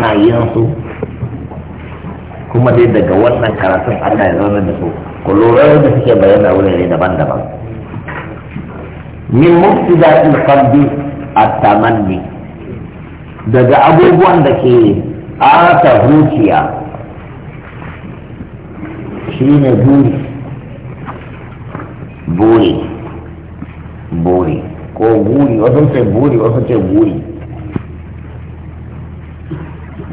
sayansu kuma dai daga wannan karatun Allah ya zauna da su ku lura da suke bayyana wurare daban-daban min mufsida qalbi a tamanni daga abubuwan da ke ata zuciya shine buri buri buri ko buri wasu ce buri wasu ce buri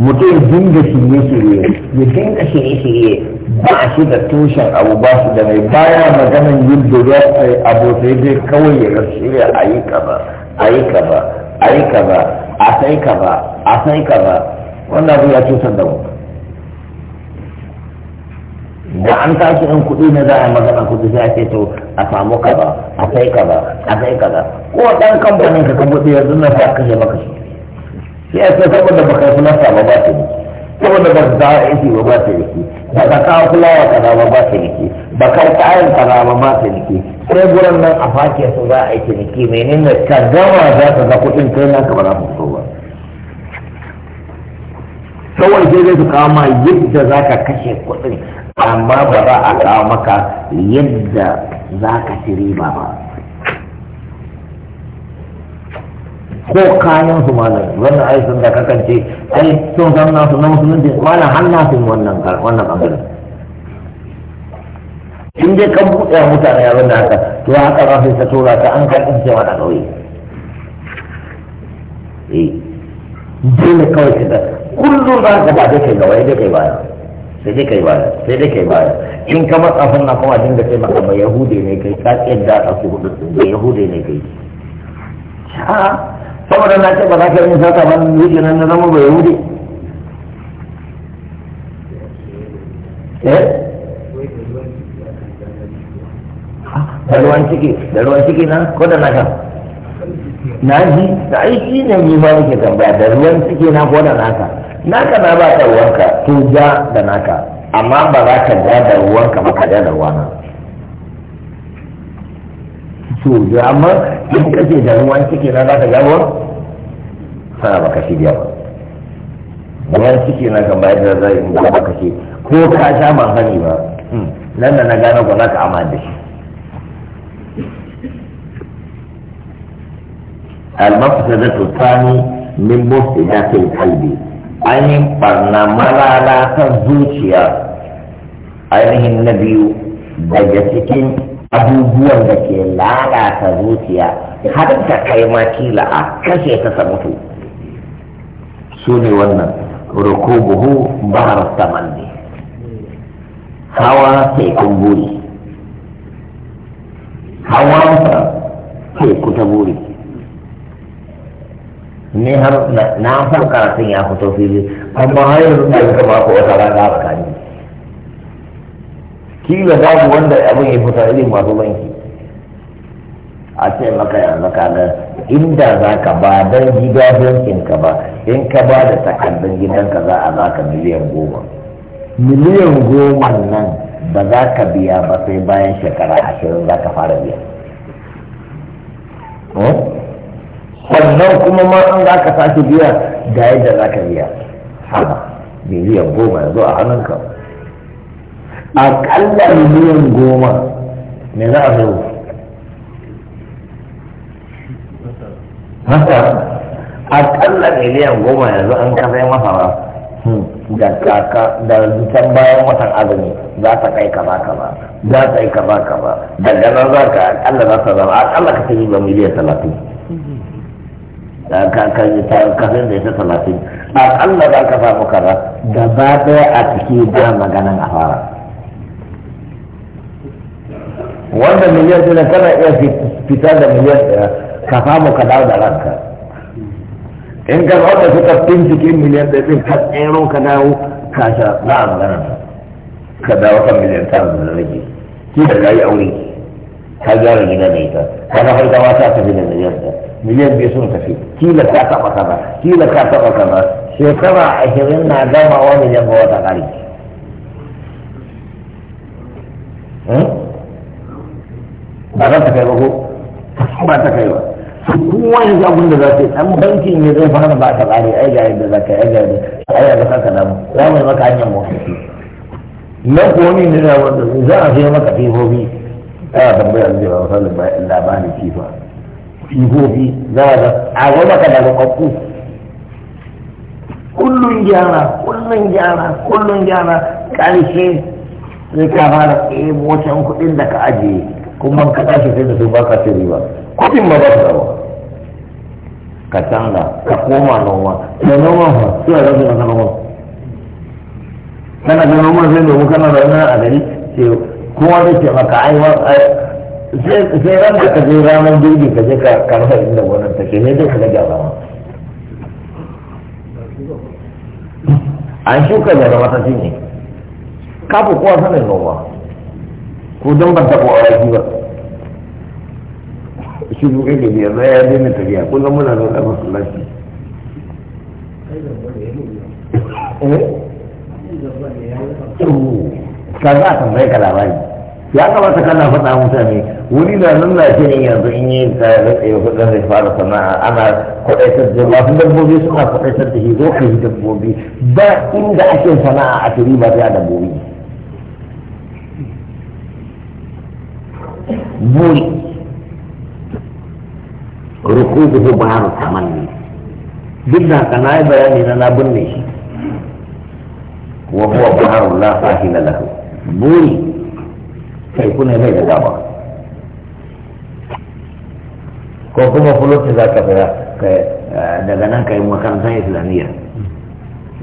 mutum dinga shirye-shirye ya dinga shirye-shirye ba shi da tushen abu ba su da mai baya maganan yin dogara a abu sai dai kawai ya shirya a yi kaza a yi kaba a yi kaza a sai kaza a sai kaza wannan abu ya cutar da mu da an tashi in kuɗi ne za a magana kuɗi sai ce to a samu kaza a sai kaza a sai kaba ko ɗan kamfanin ka kan buɗe yanzu na sa kashe maka shi ya ce saboda ba kai fulasta ba ba ta yi saboda ba ta zawa ba ba ta yi ba ka kawo fulawa kaza ba ba ta yi ba kai kayan kaza ba ba ta yi sai gurin nan a fake su za a yi ciniki menene ka gama za ka ga kuɗin kai na ka ba za ka ba kawai sai zai su kawo ma yadda za ka kashe kuɗin amma ba za a kawo maka yadda za ka ci riba ba ko kayan su malam wanda ai sun da kakance ai sun san nasu na musulunci malam har su wannan wannan bangaren in dai kan buɗe mutane abin wannan haka to haka za su ta tura ta an karɓi cewa da ƙauye eh dole kawai ka da kullum za ka ba da kai gaba da kai baya sai dai kai baya sai dai kai baya in ka matsa sunna kuma dinga ce maka ba yahude ne kai ka tsayar da ɗauki hudu ba yahude ne kai a'a saboda na ce ba za ka yi sata ba ni yake nan na zama bai yahudi eh da ruwan ciki da ruwan ciki na ko da naka na ji da aiki ne ni ma nake tambaya da ruwan ciki na ko da naka naka na ba ka ruwanka to ja da naka amma ba za ka ja da ruwanka ba ka ja da ruwana to amma in da ruwan ciki na za ka sana baka shirya ba na kan bayar da zai ba baka ko ka sha ma ba hmm, nan da na gano ba za ka amma da shi barna malala ta zuciya ainihin na biyu daga cikin abubuwan da ke lalata zuciya har ta kai ma kila a kashe ta sa mutu su ne wannan rukubuhu bahar saman ne hawa kun buri hawansa ku ta buri ne har na farka sun ya fito fili amma har yanzu na yi kama ko wata rana ba kila babu wanda abin ya fita irin masu banki a ce maka ya ka ga inda za ka ba don gida bankin ka ba in ka ba da takardun gidanka za a za ka miliyan goma miliyan goma nan ba za ka biya ba sai bayan shekara ashirin za ka fara biya sannan hmm? kuma ma an za ka sake biya ga yadda za ka biya haba miliyan goma ya zo a hannunka aƙalla miliyan goma ne za a sayo haka aƙalla miliyan goma yanzu an masa masara hmm. da kaka da zutan bayan watan azumi za ta kai ka ba za ta yi ka ba daga nan za ka akalla za ta zama akalla ka ta yi ba miliyan talatin ka san da ita talatin akalla za ka samu kaza gaba ɗaya a ciki da maganan a fara wanda miliyan ɗaya kana iya fita da miliyan ɗaya ka samu ka dawo da ranka in ka zo da suka bincike miliyan ɗaya ɗin ka tsero ka dawo ka sha na a ka dawo kan miliyan tara da rage ki da yi aure ka gyara gida da ita ka na farka ma ta tafi da miliyan ɗaya miliyan biyu sun tafi kila ka taɓa kaza kila ka taɓa kaza shekara ashirin na gamawa miliyan ba wata ƙari ba za ta kai ba ko ba ta kai ba su kuma yanzu abin da za su yi ɗan bankin ne zai fara ba ta tsari ai ga yadda za ka yi ai ga yadda ai ga za ka damu za mu yi maka hanyar motsi na kuwa ne ne na wanda za a sai maka fifofi a ana tambayar da ba wasu labarin fifa fifofi za a ga a ga maka da kwakwaku kullum gyara kullum gyara kullum gyara ƙarshe sai ka fara ɗebo wancan kuɗin da ka ajiye kuma ka tashi sai da su ba ka ce riba kuɗin ma ba su dawo ka canza ka koma noma da noma fa su a su na noma kana da noma sai domin kana da wani a gari ce kowa zai ce maka ai sai ran da ka je ranar jirgin ka je ka rasa inda gonar ta ne dai ka ga gyara an shuka da wata ne kafa kowa sanin noma ko don ban taɓa aiki ba shi zuwa da biyar zai ya daina tafiya kullum muna zaune a masallaci eh? ka za a tambaye ka labari ya kamata kana faɗa mutane wuri na nan na shi ne yanzu in yi ka ya tsaye kudin zai fara sana'a ana kwaɗaitar da masu dabbobi suna kwaɗaitar da shi zo ka yi dabbobi ba inda ake sana'a a turi ba a dabbobi buri rukubuhu baharu tamanni duk da haka na yi bayani na na binne shi wa huwa baharu la sahila lahu buri sai da gaba ko kuma za daga nan ka yi makarantar islamiyya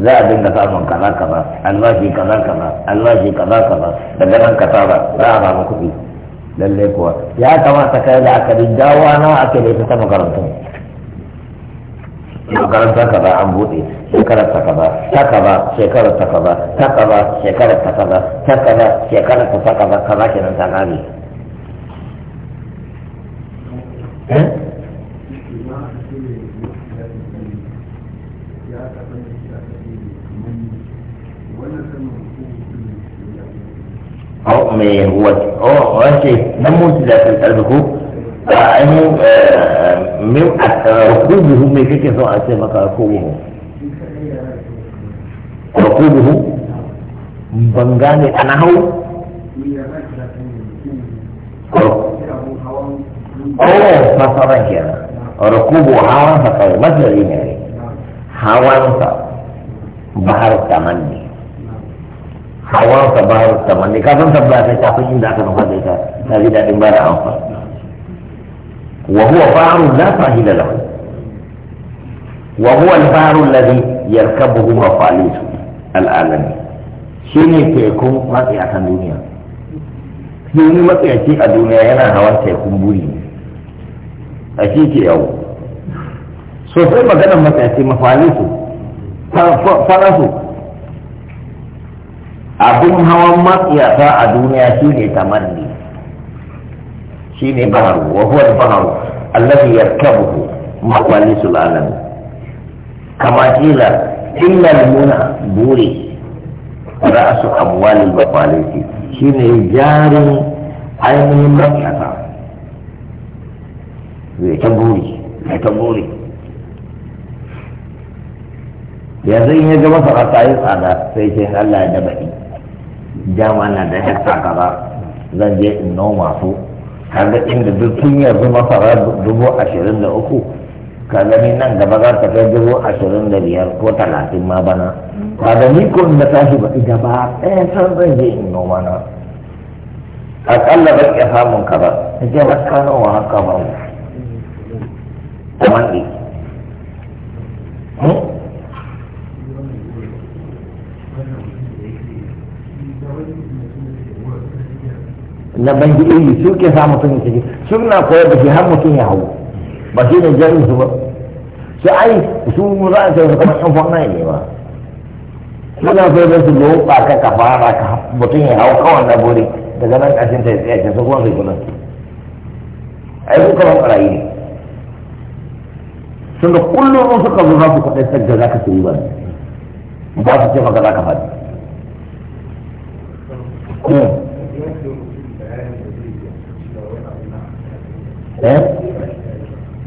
za a dinga samun kaza kaza albashi kaza kaza albashi kaza kaza daga nan ka tara za a samu kuɗi lalle kuwa ya kamata kai da aka dawa nawa ake da ita ta makarantun makarantar ka ba an buɗe shekarar ta kaza ta kaza shekarar ta kaza ta kaza shekarar ta kaza ta kaza shekarar ta ta kaza kaza kenan ta kare eh هو مي هو هو شيء نموذج تلقوه أنه من ركوبه من ان أسمك ركوبه ركوبه بنغاني أنا هو أوه ما صار كذا ركوبه هوا فكان مثل يعني هوا بحر التمني hawa ka ba ta manne ka san tabba ta kafin inda aka nufa da ita ta ji daɗin ba da amfa wa huwa fa'arun la fahila lahu wa huwa al-fa'arun alladhi yarkabuhu mafalis al-alami shine tekun matsi a kan duniya shi wani matsayaci a duniya yana hawan tekun buri ne a shi ke yawo sosai maganar matsayaci mafalisu farasu Abin hawan matsiyasa a duniya shine tamanni shine baharu wa huwa al-baharu alladhi yarkabuhu su alam kama kila illa al-muna buri ra'su amwalil shi, shine jarin ainihin matsiyasa zai ta buri zai ta buri yanzu in ya gaba masarauta yi tsada sai ce Allah ya dabaɗi dama na da hekta kaza zan je in noma su kaga inda duk tun yanzu masara dubu ashirin da uku ka gani nan gaba za ta kai dubu ashirin da biyar ko talatin ma bana ba da ni ko na tashi ba ita ba ɗaya san zan je in noma na aƙalla ba iya samun ka ba ta je ba kano wa haka ba kuma na bangi iri su ke sa mutum ya ciki suna koyar da shi har mutum ya hau ba shi ne jami'in su ba su ai su mu za a ce su kamar yan fana ne ba suna koyar da su loba ka ka fara ka mutum ya hau kawai na bori daga nan ƙarshen ta ya tsaye ta su kuma su kula ai su kamar ɓarayi ne sun da kullum suka zo za su kwaɗe da za ka su yi ba ba su ce maka za ka faɗi eh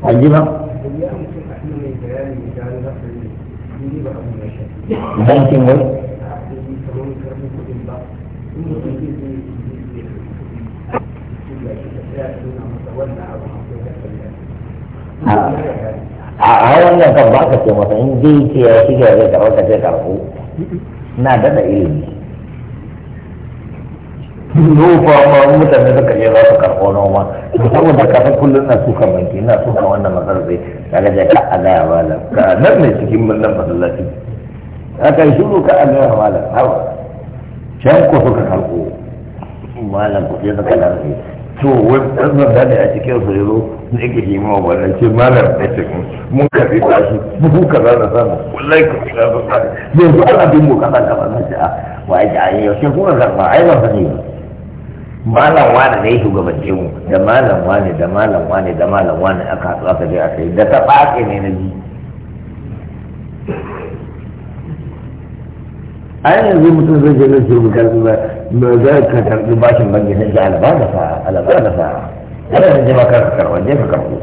an ji ba bankin wai ya shiga zai na daɗa ilimi nofa ma mutane suka je za su karɓo noma to saboda ka san kullum na suka banki na suka wannan matsalar sai kaga da ka a gaya malam ka nan ne cikin birnin masallaci aka shiru ka a gaya malam hawa can ko suka karɓo malam ku sai suka larfe to wani ɗan zanda ne a cikin su yazo ne yake yi ma wannan ce malam ya ce mun karɓi tashi buhu kaza na samu wallahi ku ina zo yanzu ana bin mu na ce a wa ake a yau kuma karɓa ai ba sani ba malam wane ne ya shugabanci mu da malam wane da malam wane da malam wane aka hatsu aka je aka yi da ta ɓace ne na ji a yanzu mutum zai je zai shirin karfi ba ba za ka karfi bashin banki na ji alaba da sa alaba da sa yana da jima karfi karfi je ka karfi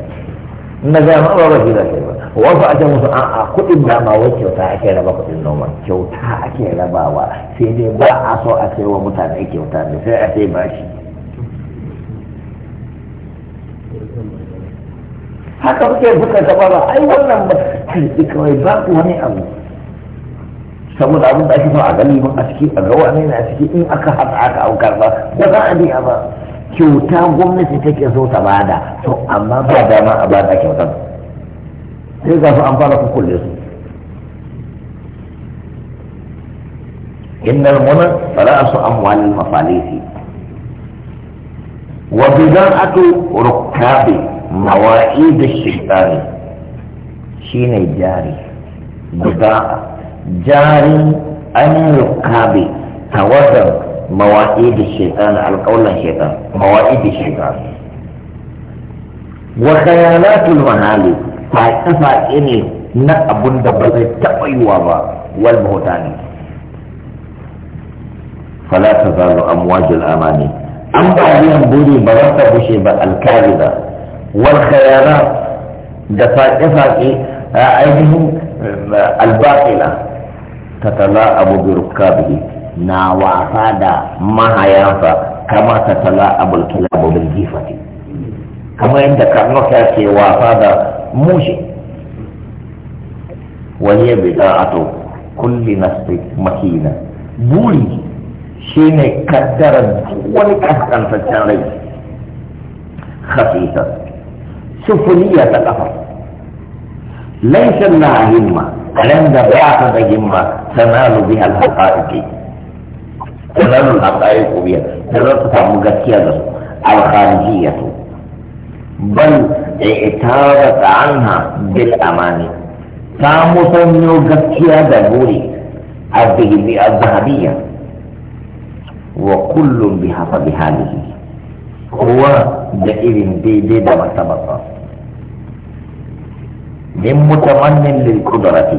na ga ma ba ba shi da shi ba wasu a ce musu a'a kuɗin da ma wai kyauta ake raba kuɗin noma kyauta ake rabawa sai dai ba a so a sai wa mutane kyauta ne sai a sai ba shi haka kuke buka taɓa ba ai wannan ba karɓi kawai ba wani abu saboda abin da ake so a gani a ciki a ga wani na ciki in aka haɗa aka aukar ba ba za a biya ba kyauta gwamnati take so ta bada to amma ba dama a bada kyautar تقف أمطارك كل يصير إن المنى رأس أموال المصاليف وبدرعة ركاب مواعيد الشيطان شين الجاري بدرعة جاري أن ركاب توزن مواعيد الشيطان على قول الشيطان مواعيد الشيطان وخيالات المهالك faƙe-faƙe ne na abun da ba zai taɓa yiwa ba wal mahota ne fala ta zalo amwajul amani an ba biyan buri ba za ta bushe ba alkali ba wal khayara da saƙe-saƙe a ainihin eh, albaƙila ta tala abu birkabi na wasa da mahayansa kama ta tala abu birkila abu birkifati Kama yadda karnuka ke wasa da موشي وهي بضاعة كل نفس مكينة بولي شيني كدر ولك في فتشاري خفيفة سفلية الأثر ليس لها همة لن دبعت بهمة تنال بها الحقائق تنال الحقائق بها تنال تتعمل الخارجية bal i'tarat anha bil amani ta musanyo gaskiya da buri a a azhabiyya wa kullum bi hafa bi halihi kowa da irin daidai da masabasa min mutamannin lil qudrati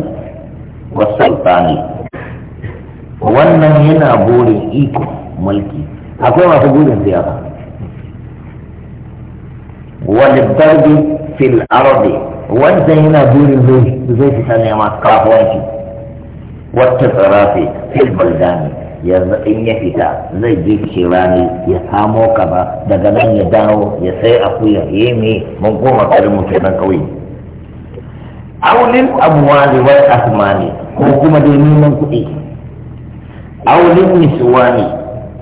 wa sultani wannan yana burin iko mulki akwai masu burin siyasa barbi fil الأرض wanda yana burin zai fita nema kafuwanci wata tsarafe, fil baldani yanzu in ya fita zai je kirani ya samo kaza daga nan ya dawo ya sai kuya, ya me mun goma karin mu kenan kauye aulin abuwali wal asmani ko kuma dai neman kuɗi aulin niswani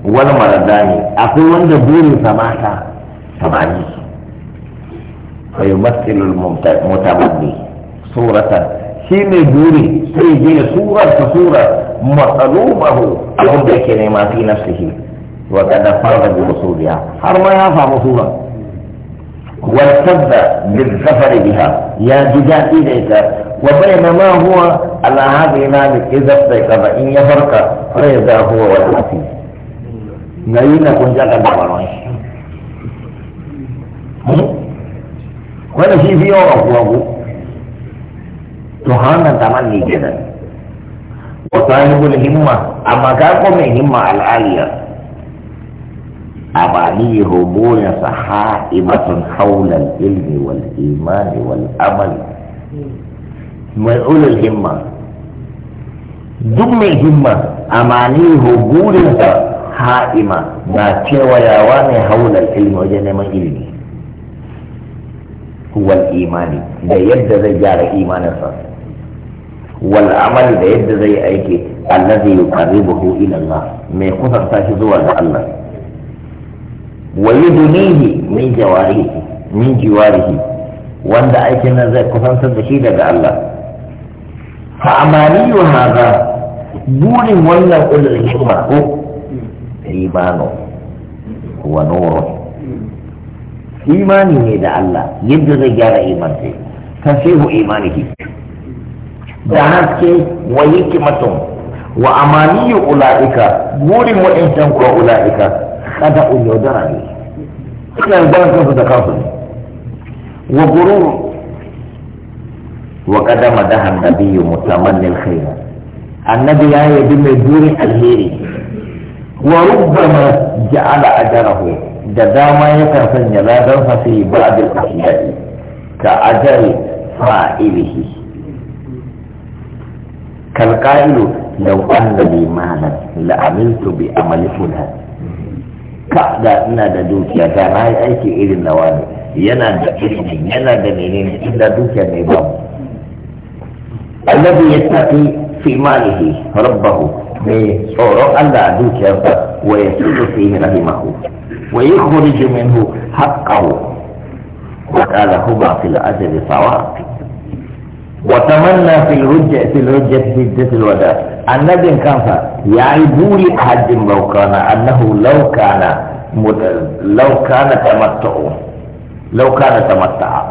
wal maradani akwai wanda burin samata samani فيمثل المتمني صورة شين دوري سيجي صورة صورة مطلوبه أهم بيكيني ما في نفسه وكذا فرغ بوصولها حرم يافع وصولا وارتد بالظفر بها يا جدا إليك وبينما هو على هذه الآن إذا استيقظ إن يفرق فإذا هو والحفيد نعينا كنجا قد wanda shi fi yawan kuwa to hannun taman ne kenan wa sahibul himma amma ka ko mai himma al'aliya abani rubuya sahaibatun hawla al-ilmi wal imani wal amal mai ulul himma duk mai himma amani rubuya sahaima na cewa yawa ne hawla al-ilmi wajen neman ilimi هو الإيمان ده يد زي جار إيمان الرسول والعمل ده يد زي أيك الذي يقربه إلى الله ما يقصر تاشدوا الله ويدنيه من جواره من جواره وانت ايك نزل قصان سدشيدة الله فأماني هذا نور ولا قل الحكمة إيمانه هو نوره imani ne da Allah yadda zai gyara iman sai tasihu imanihi da haske wa hikmatun wa amaniyu ula'ika burin wa'incan kuwa ula'ika kada un yaudara ne suna yaudaran kansu da kansu ne wa gurur wa kadama da hannabiyu mutamannin khaira annabi ya yi yabi mai burin alheri wa ma ja'ala ajarahu da dama ya kan sanya ladan fasi ba da kushiyari ka ajal fa'ilihi kalqailu law anna li malan la amiltu bi amali fulan ka da ina da dukiya da na yi aiki irin na wani yana da ilimin yana da menene inda dukiya ne ba mu alladhi yattaqi fi malihi rabbahu mai tsoron Allah a dukiyarsa wa yasudu fihi rahimahu ويخرج منه حقه وقال هما في الأجل سواء وتمنى في الرجة في الرجة في هجة الوداع النبي كان يعيبولي حد لو كان أنه لو كان لو كان تمتع لو كان تمتع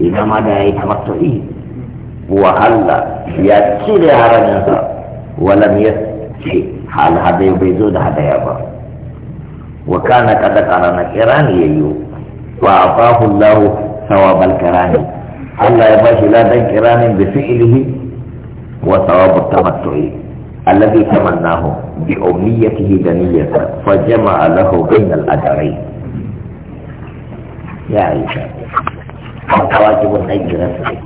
إذا ما دا يتمتعي وهلا يا تشيل يا ولم يسكي حال هذا يبيزون هذا يبقى وكان قد قرن كران ييو وأعطاه الله ثواب الكران الله يباش لا دن كران بفعله وثواب التمتع الذي تمناه بأمنيته دنية فجمع له بين الأجرين يا عيسى واجب الأجر